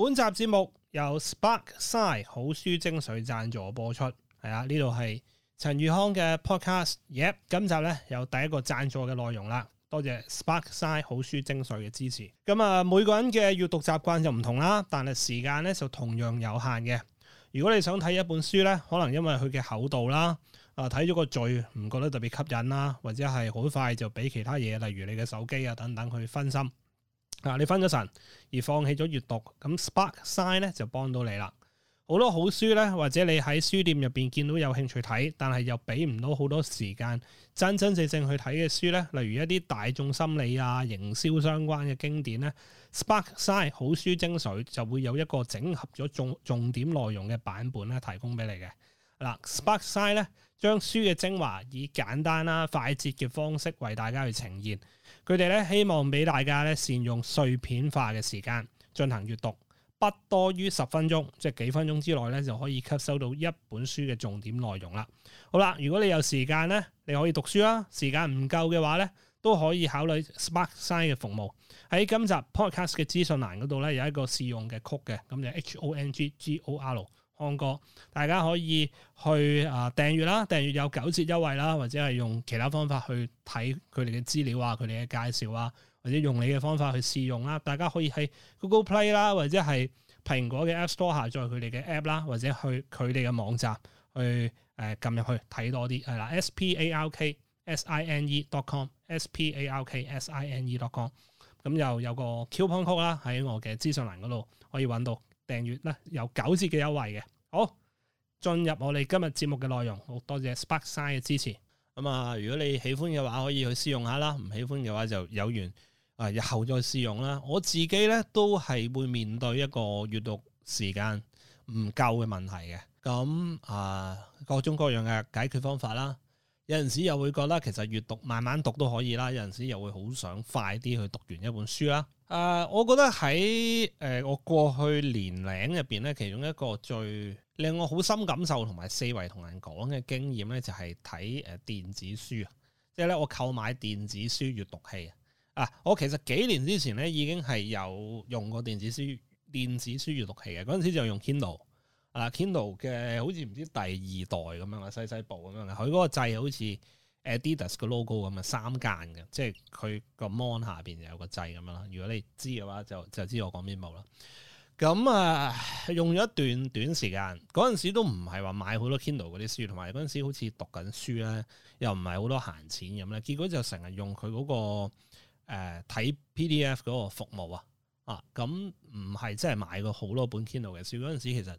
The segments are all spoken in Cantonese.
本集節目由 Sparksine 好書精粹贊助播出，係啊，呢度係陳裕匡嘅 podcast、Yep，App。今集咧有第一個贊助嘅內容啦，多謝 Sparksine 好書精粹嘅支持。咁啊，每個人嘅閱讀習慣就唔同啦，但係時間咧就同樣有限嘅。如果你想睇一本書咧，可能因為佢嘅厚度啦，啊睇咗個序唔覺得特別吸引啦，或者係好快就俾其他嘢，例如你嘅手機啊等等去分心。啊！你分咗神而放棄咗閱讀，咁 Sparksine 咧就幫到你啦。好多好書咧，或者你喺書店入邊見到有興趣睇，但係又俾唔到好多時間真真正正去睇嘅書咧，例如一啲大眾心理啊、營銷相關嘅經典咧，Sparksine 好書精粹就會有一個整合咗重重點內容嘅版本咧，提供俾你嘅。嗱，啊，Sparksine 咧將書嘅精華以簡單啦、啊、快捷嘅方式為大家去呈現。佢哋咧希望俾大家咧善用碎片化嘅時間，進行閱讀，不多於十分鐘，即係幾分鐘之內咧就可以吸收到一本書嘅重點內容啦。好啦，如果你有時間咧，你可以讀書啦；時間唔夠嘅話咧，都可以考慮 Sparksine 嘅服務。喺今集 Podcast 嘅資訊欄嗰度咧有一個試用嘅 code 嘅，咁就 H O N G G O R。O 康哥，大家可以去啊訂閱啦，訂閱有九折優惠啦，或者係用其他方法去睇佢哋嘅資料啊，佢哋嘅介紹啊，或者用你嘅方法去試用啦。大家可以喺 Google Play 啦，或者係蘋果嘅 App Store 下載佢哋嘅 App 啦，或者去佢哋嘅網站去誒撳入去睇多啲。係啦，sparksine.com，sparksine.com，d o d o 咁又有個 coupon code 啦，喺我嘅資訊欄嗰度可以揾到。訂閱咧有九折嘅優惠嘅，好，進入我哋今日節目嘅內容，好多謝 Sparksine 嘅支持。咁啊、嗯，如果你喜歡嘅話，可以去試用下啦；唔喜歡嘅話，就有緣啊，呃、日後再試用啦。我自己咧都係會面對一個閱讀時間唔夠嘅問題嘅。咁、嗯、啊，各種各樣嘅解決方法啦，有陣時又會覺得其實閱讀慢慢讀都可以啦，有陣時又會好想快啲去讀完一本書啦。啊，uh, 我覺得喺誒、呃、我過去年齡入邊咧，其中一個最令我好深感受同埋四圍同人講嘅經驗咧，就係睇誒電子書啊，即係咧我購買電子書閱讀器啊，啊我其實幾年之前咧已經係有用過電子書電子書閱讀器嘅，嗰陣時就用 Kindle 啊，Kindle 嘅好似唔知第二代咁樣啦，細細部咁樣嘅。佢嗰個掣好似 Adidas 個 logo 咁啊，三間嘅，即係佢個 mon 下邊有個掣咁樣啦。如果你知嘅話，就就知我講邊部啦。咁、嗯、啊，用咗一段短時間，嗰陣時都唔係話買好多 Kindle 嗰啲書，同埋嗰陣時好似讀緊書咧，又唔係好多閒錢咁咧。結果就成日用佢嗰、嗰個睇、呃、PDF 嗰個服務啊，啊，咁唔係真係買過好多本 Kindle 嘅書嗰陣時，其實。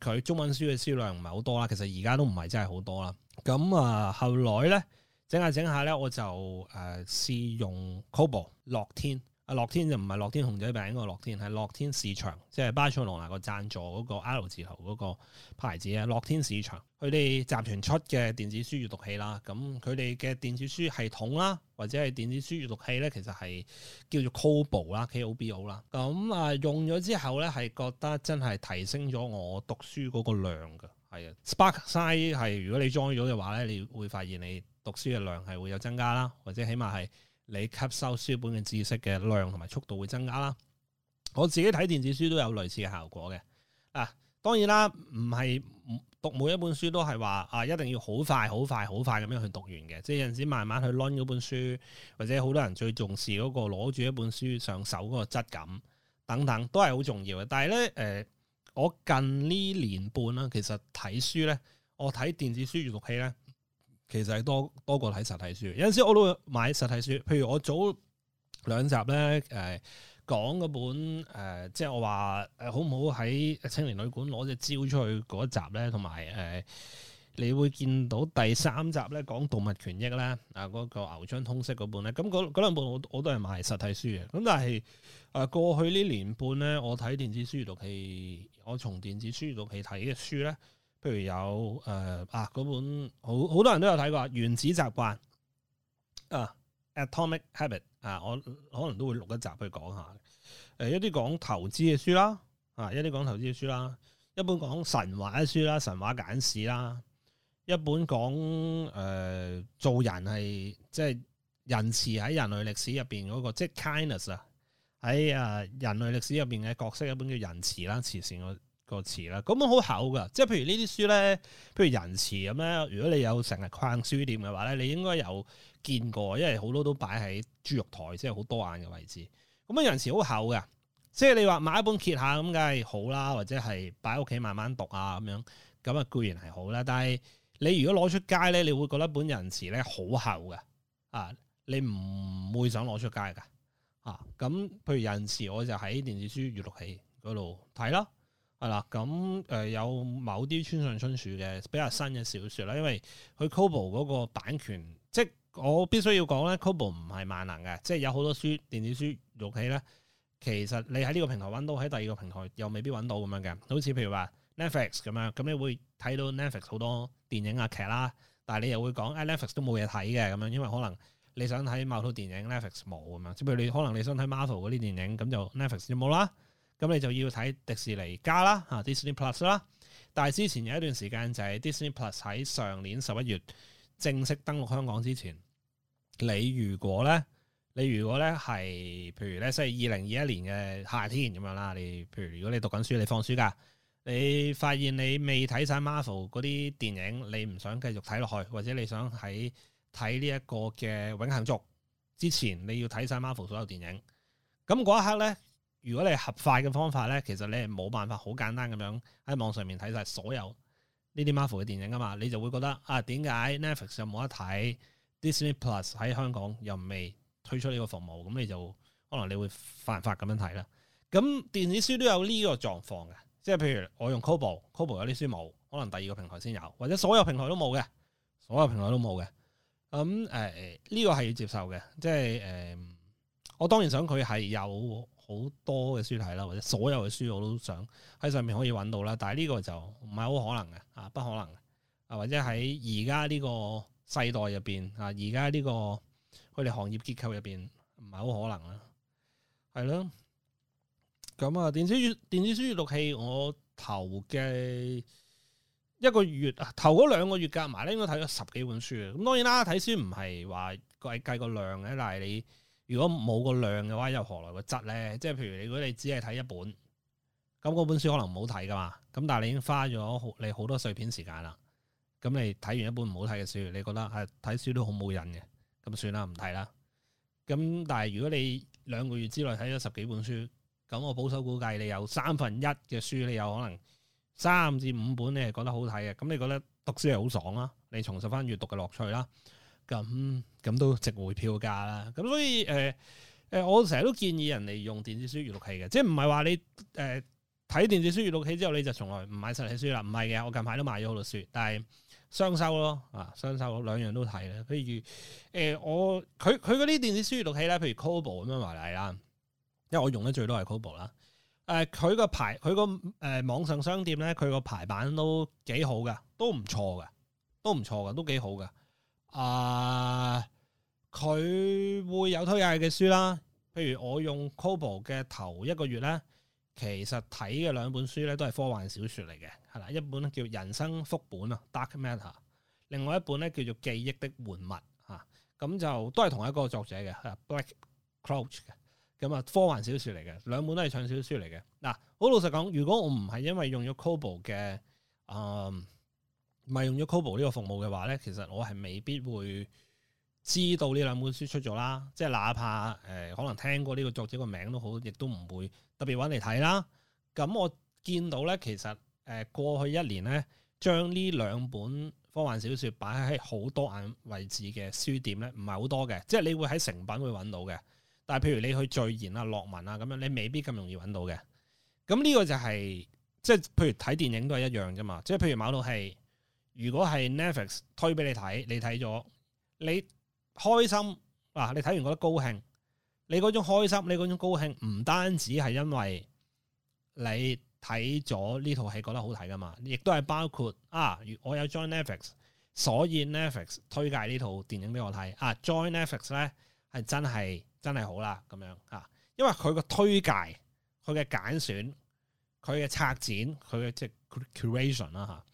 佢中文書嘅銷量唔係好多啦，其實而家都唔係真係好多啦。咁啊、呃，後來咧整下整下咧，稍後稍後我就誒、呃、試用 Kobo 樂天。啊！樂天就唔係樂天熊仔餅個樂天，係樂天市場，即係巴塞羅那個贊助嗰個 L 字頭嗰個牌子啊！樂天市場佢哋集團出嘅電子書閱讀器啦，咁佢哋嘅電子書系統啦，或者係電子書閱讀器咧，其實係叫做 Kobo 啦 Kobo 啦。咁啊，用咗之後咧，係覺得真係提升咗我讀書嗰個量噶，係啊！Sparksine 係，如果你裝咗嘅話咧，你會發現你讀書嘅量係會有增加啦，或者起碼係。你吸收書本嘅知識嘅量同埋速度會增加啦。我自己睇電子書都有類似嘅效果嘅。嗱、啊，當然啦，唔係讀每一本書都係話啊一定要好快好快好快咁樣去讀完嘅。即係有陣時慢慢去 load 嗰本書，或者好多人最重視嗰、嗰個攞住一本書上手嗰個質感等等都係好重要嘅。但係咧，誒、呃，我近呢年半啦，其實睇書咧，我睇電子書閱讀器咧。其實係多多過睇實體書，有陣時我都買實體書。譬如我早兩集咧，誒、呃、講嗰本誒、呃，即係我話誒好唔好喺青年旅館攞隻蕉出去嗰一集咧，同埋誒，你會見到第三集咧講動物權益咧，啊嗰、那個牛津通識嗰本咧，咁嗰嗰兩本我我都係買實體書嘅。咁但係誒、呃、過去呢年半咧，我睇電子書閱讀器，我從電子書閱讀器睇嘅書咧。譬如有誒、呃、啊嗰本好好多人都有睇過《原子習慣》啊，《Atomic Habit》啊，我可能都會錄一集去講下。誒、呃，一啲講投資嘅書啦，啊，一啲講投資嘅書啦，一本講神話嘅書啦，神話簡史啦，一本講誒、呃、做人係即係仁慈喺人類歷史入邊嗰個，即係 kindness 啊，喺啊人類歷史入邊嘅角色，一本叫仁慈啦，慈善個詞啦，咁樣好厚噶，即係譬如呢啲書咧，譬如《仁慈》咁咧，如果你有成日逛書店嘅話咧，你應該有見過，因為好多都擺喺豬肉台，即係好多眼嘅位置。咁樣《仁慈》好厚噶，即係你話買一本揭下咁，梗係好啦，或者係擺喺屋企慢慢讀啊咁樣，咁啊固然係好啦。但係你如果攞出街咧，你會覺得本人《仁慈》咧好厚噶啊，你唔會想攞出街噶啊。咁譬如《仁慈》，我就喺電子書閲讀器嗰度睇咯。係啦，咁誒、嗯嗯、有某啲村上春樹嘅比較新嘅小説啦，因為佢 Kobo 嗰個版權，即係我必須要講咧 Kobo 唔係萬能嘅，即係有好多書電子書入去咧，其實你喺呢個平台揾到，喺第二個平台又未必揾到咁樣嘅。好似譬如話 Netflix 咁樣，咁你會睇到 Netflix 好多電影啊劇啦，但係你又會講、哎、Netflix 都冇嘢睇嘅咁樣，因為可能你想睇某套電影 Netflix 冇咁樣，即譬如你可能你想睇 Marvel 嗰啲電影，咁就 Netflix 就冇啦。咁你就要睇迪士尼加啦，啊 Disney Plus 啦。但係之前有一段時間就係、是、Disney Plus 喺上年十一月正式登陸香港之前，你如果咧，你如果咧係，譬如咧，即係二零二一年嘅夏天咁樣啦，你譬如如果你讀緊書，你放暑假，你發現你未睇晒 Marvel 嗰啲電影，你唔想繼續睇落去，或者你想喺睇呢一個嘅永恒族之前，你要睇晒 Marvel 所有電影，咁嗰一刻咧。如果你係合法嘅方法咧，其實你係冇辦法好簡單咁樣喺網上面睇晒所有呢啲 Marvel 嘅電影啊嘛，你就會覺得啊，點解 Netflix 又冇得睇，Disney Plus 喺香港又未推出呢個服務，咁你就可能你會犯法咁樣睇啦。咁電子書都有呢個狀況嘅，即係譬如我用 Kobo，Kobo 有啲書冇，可能第二個平台先有，或者所有平台都冇嘅，所有平台都冇嘅。咁誒呢個係要接受嘅，即係誒、呃、我當然想佢係有。好多嘅書睇啦，或者所有嘅書我都想喺上面可以揾到啦，但係呢個就唔係好可能嘅啊，不可能啊，或者喺而家呢個世代入邊啊，而家呢個佢哋行業結構入邊唔係好可能啦，係咯。咁啊，電子書電子書閱讀器我投嘅一個月啊，頭嗰兩個月夾埋咧，應該睇咗十幾本書啊。咁當然啦，睇書唔係話計計個量嘅，但係你。如果冇個量嘅話，又何來個質咧？即係譬如，如果你只係睇一本，咁嗰本書可能唔好睇㗎嘛。咁但係你已經花咗你好多碎片時間啦。咁你睇完一本唔好睇嘅書，你覺得係睇書都好冇癮嘅，咁算啦，唔睇啦。咁但係如果你兩個月之內睇咗十幾本書，咁我保守估計你有三分一嘅書，你有可能三至五本你係覺得好睇嘅。咁你覺得讀書係好爽啦、啊，你重拾返閲讀嘅樂趣啦、啊。咁咁都值回票價啦，咁所以誒誒、呃，我成日都建議人哋用電子書閱讀器嘅，即係唔係話你誒睇、呃、電子書閱讀器之後你就從來唔買實體書啦？唔係嘅，我近排都買咗好多書，但係雙收咯，啊雙收咯，兩樣都睇咧。譬如誒、呃，我佢佢嗰啲電子書閱讀器咧，譬如 Kobo 咁樣埋嚟啦，因為我用得最多係 Kobo 啦。誒、呃，佢個排佢個誒網上商店咧，佢個排版都幾好嘅，都唔錯嘅，都唔錯嘅，都幾好嘅。啊！佢、uh, 會有推介嘅書啦，譬如我用 c o b o 嘅頭一個月咧，其實睇嘅兩本書咧都係科幻小說嚟嘅，係啦，一本叫《人生副本》啊，《Dark Matter》，另外一本咧叫做《記憶的玩物》吓、啊，咁就都係同一個作者嘅，Black Clouch 嘅、啊，咁啊科幻小說嚟嘅，兩本都係長小說嚟嘅。嗱、啊，好老實講，如果我唔係因為用咗 c o b o 嘅，誒、啊。唔係用咗 Kobo 呢個服務嘅話咧，其實我係未必會知道呢兩本書出咗啦。即係哪怕誒、呃、可能聽過呢個作者個名都好，亦都唔會特別揾嚟睇啦。咁、嗯、我見到咧，其實誒、呃、過去一年咧，將呢兩本科幻小説擺喺好多眼位置嘅書店咧，唔係好多嘅。即係你會喺誠品會揾到嘅，但係譬如你去序言啊、樂文啊咁樣，你未必咁容易揾到嘅。咁、嗯、呢、這個就係、是、即係譬如睇電影都係一樣啫嘛。即係譬如買套戲。如果係 Netflix 推俾你睇，你睇咗，你開心嗱、啊，你睇完覺得高興，你嗰種開心，你嗰種高興唔單止係因為你睇咗呢套戲覺得好睇噶嘛，亦都係包括啊，我有 join Netflix，所以 Netflix 推介呢套電影俾我睇，啊 join Netflix 咧係真係真係好啦咁樣啊，因為佢個推介、佢嘅揀選、佢嘅策展，佢嘅即係 curation 啦嚇。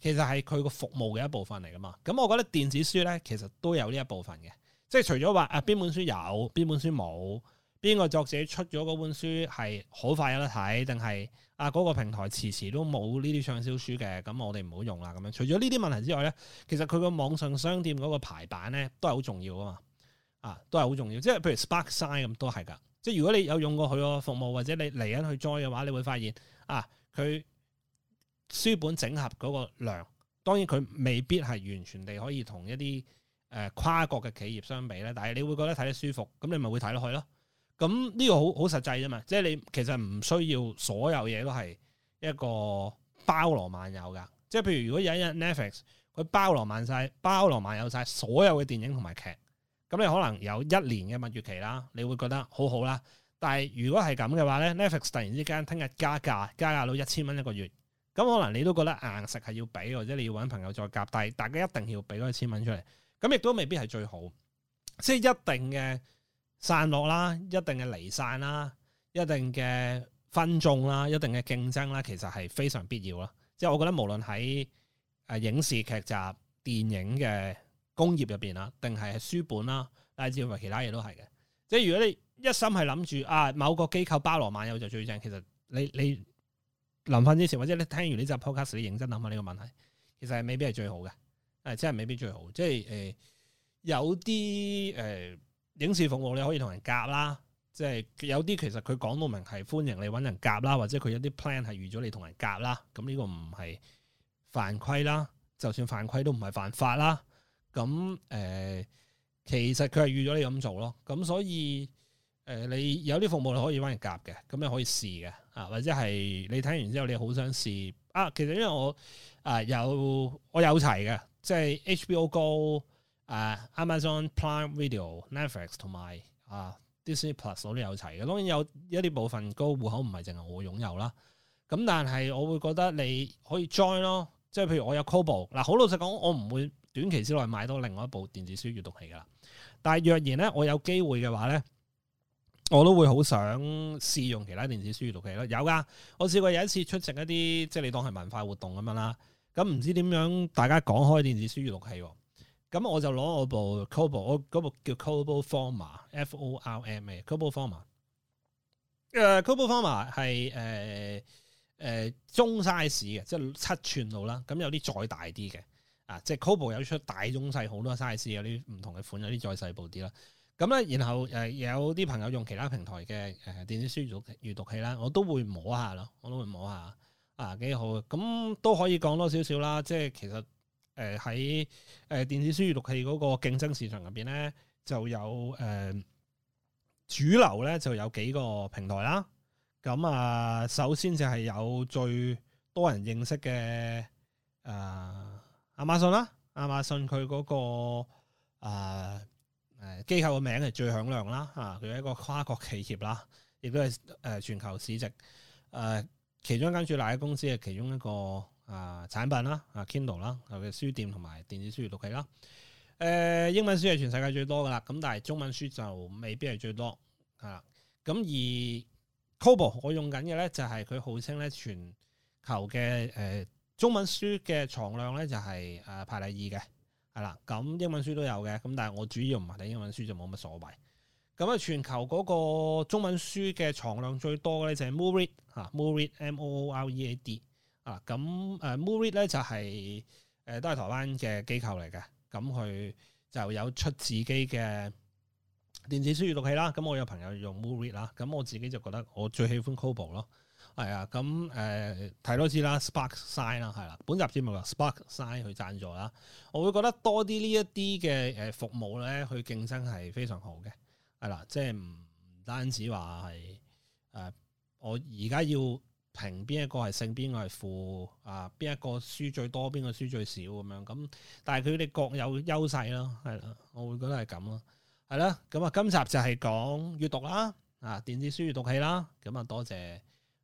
其實係佢個服務嘅一部分嚟噶嘛，咁我覺得電子書咧其實都有呢一部分嘅，即係除咗話啊邊本書有，邊本書冇，邊個作者出咗嗰本書係好快有得睇，定係啊嗰個平台遲遲都冇呢啲暢銷書嘅，咁我哋唔好用啦咁樣。除咗呢啲問題之外咧，其實佢個網上商店嗰個排版咧都係好重要㗎嘛，啊都係好重要，即係譬如 Sparksine 咁都係噶，即係如果你有用過佢個服務或者你嚟緊去載嘅話，你會發現啊佢。書本整合嗰個量，當然佢未必係完全地可以同一啲誒、呃、跨國嘅企業相比咧，但係你會覺得睇得舒服，咁你咪會睇落去咯。咁呢個好好實際啫嘛，即係你其實唔需要所有嘢都係一個包羅萬有㗎。即係譬如如果有一日 Netflix 佢包羅萬晒，包羅萬有晒所有嘅電影同埋劇，咁你可能有一年嘅蜜月期啦，你會覺得好好啦。但係如果係咁嘅話咧，Netflix 突然之間聽日加價，加價到一千蚊一個月。咁可能你都覺得硬食係要俾，或者你要搵朋友再夾低，大家一定要俾嗰一千蚊出嚟，咁亦都未必係最好。即係一定嘅散落啦，一定嘅離散啦，一定嘅分眾啦，一定嘅競爭啦，其實係非常必要咯。即係我覺得無論喺誒影視劇集、電影嘅工業入邊啊，定係書本啦，乃至乎其他嘢都係嘅。即係如果你一心係諗住啊，某個機構包羅萬有就最正，其實你你。臨瞓之前，或者你聽完呢集 podcast，你認真諗下呢個問題，其實係未必係最好嘅，誒，真係未必最好，即係誒、呃，有啲誒、呃、影視服務你可以同人夾啦，即係有啲其實佢講到明係歡迎你揾人夾啦，或者佢有啲 plan 係預咗你同人夾啦，咁呢個唔係犯規啦，就算犯規都唔係犯法啦，咁誒、呃，其實佢係預咗你咁做咯，咁所以。誒、呃，你有啲服務你可以揾人夾嘅，咁你可以試嘅，啊，或者係你睇完之後你好想試啊。其實因為我啊、呃、有我有齊嘅，即係 HBO Go、啊、Amazon Prime Video Netflix、Netflix 同埋啊 Disney Plus，我都有齊嘅。當然有一啲部分嘅戶口唔係淨係我擁有啦。咁、啊、但係我會覺得你可以 join 咯，即係譬如我有 Kobo 嗱，好老實講，我唔會短期之內買多另外一部電子書閱讀器噶啦。但係若然咧，我有機會嘅話咧。我都會好想試用其他電子書閱讀器咯，有噶，我試過有一次出席一啲即係你當係文化活動咁樣啦，咁唔知點樣大家講開電子書閱讀器，咁我就攞我部 c o 我部叫 Kobo Forma F O R M A，Kobo Forma，誒、uh, Kobo Forma 係誒誒、呃呃、中 size 嘅，即係七寸度啦，咁有啲再大啲嘅，啊即係 Kobo 有出大中細好多 size，有啲唔同嘅款，有啲再細部啲啦。咁咧，然後誒有啲朋友用其他平台嘅誒電子書讀閲讀器啦，我都會摸下咯，我都會摸下啊幾好。咁、嗯、都可以講多少少啦，即係其實誒喺誒電子書閲讀器嗰個競爭市場入邊咧，就有誒、呃、主流咧就有幾個平台啦。咁啊，首先就係有最多人認識嘅誒亞馬遜啦，亞馬遜佢嗰個、啊誒，機構嘅名係最響亮啦，吓佢係一個跨國企業啦，亦都係誒全球市值誒、呃、其中一間最大嘅公司嘅其中一個誒、呃、產品啦，啊 Kindle 啦，佢嘅、啊、書店同埋電子書閱讀器啦，誒、呃、英文書係全世界最多噶啦，咁但係中文書就未必係最多吓，咁、啊、而 Kobo 我用緊嘅咧就係、是、佢號稱咧全球嘅誒、呃、中文書嘅藏量咧就係、是、誒、呃、排第二嘅。係啦，咁英文書都有嘅，咁但係我主要唔係睇英文書就冇乜所謂。咁啊，全球嗰個中文書嘅藏量最多嘅咧就係 Mooread 啊，Mooread M, ad, M, ad, M O O L E A D 啊，咁誒 Mooread 咧就係、是、誒、呃、都係台灣嘅機構嚟嘅，咁佢就有出自己嘅電子書閱讀器啦。咁、啊、我有朋友用 Mooread 啦、啊，咁、啊、我自己就覺得我最喜歡 Kobo 咯。係啊，咁誒睇多次啦，Sparksine 啦，係啦，本集節目嘅 Sparksine 去贊助啦，我會覺得多啲呢一啲嘅誒服務咧，佢競爭係非常好嘅，係啦，即係唔單止話係誒，我而家要評邊一個係勝，邊個係負啊，邊一個輸最多，邊個輸最少咁樣咁，但係佢哋各有優勢咯，係啦，我會覺得係咁咯，係啦，咁啊，今集就係講閱讀啦，啊，電子書閱讀器啦，咁啊，多謝。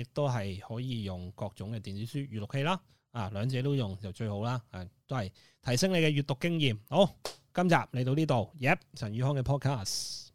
亦都係可以用各種嘅電子書閲讀器啦，啊兩者都用就最好啦，誒、啊、都係提升你嘅閲讀經驗。好，今集嚟到呢度，YEP 陳裕匡嘅 podcast。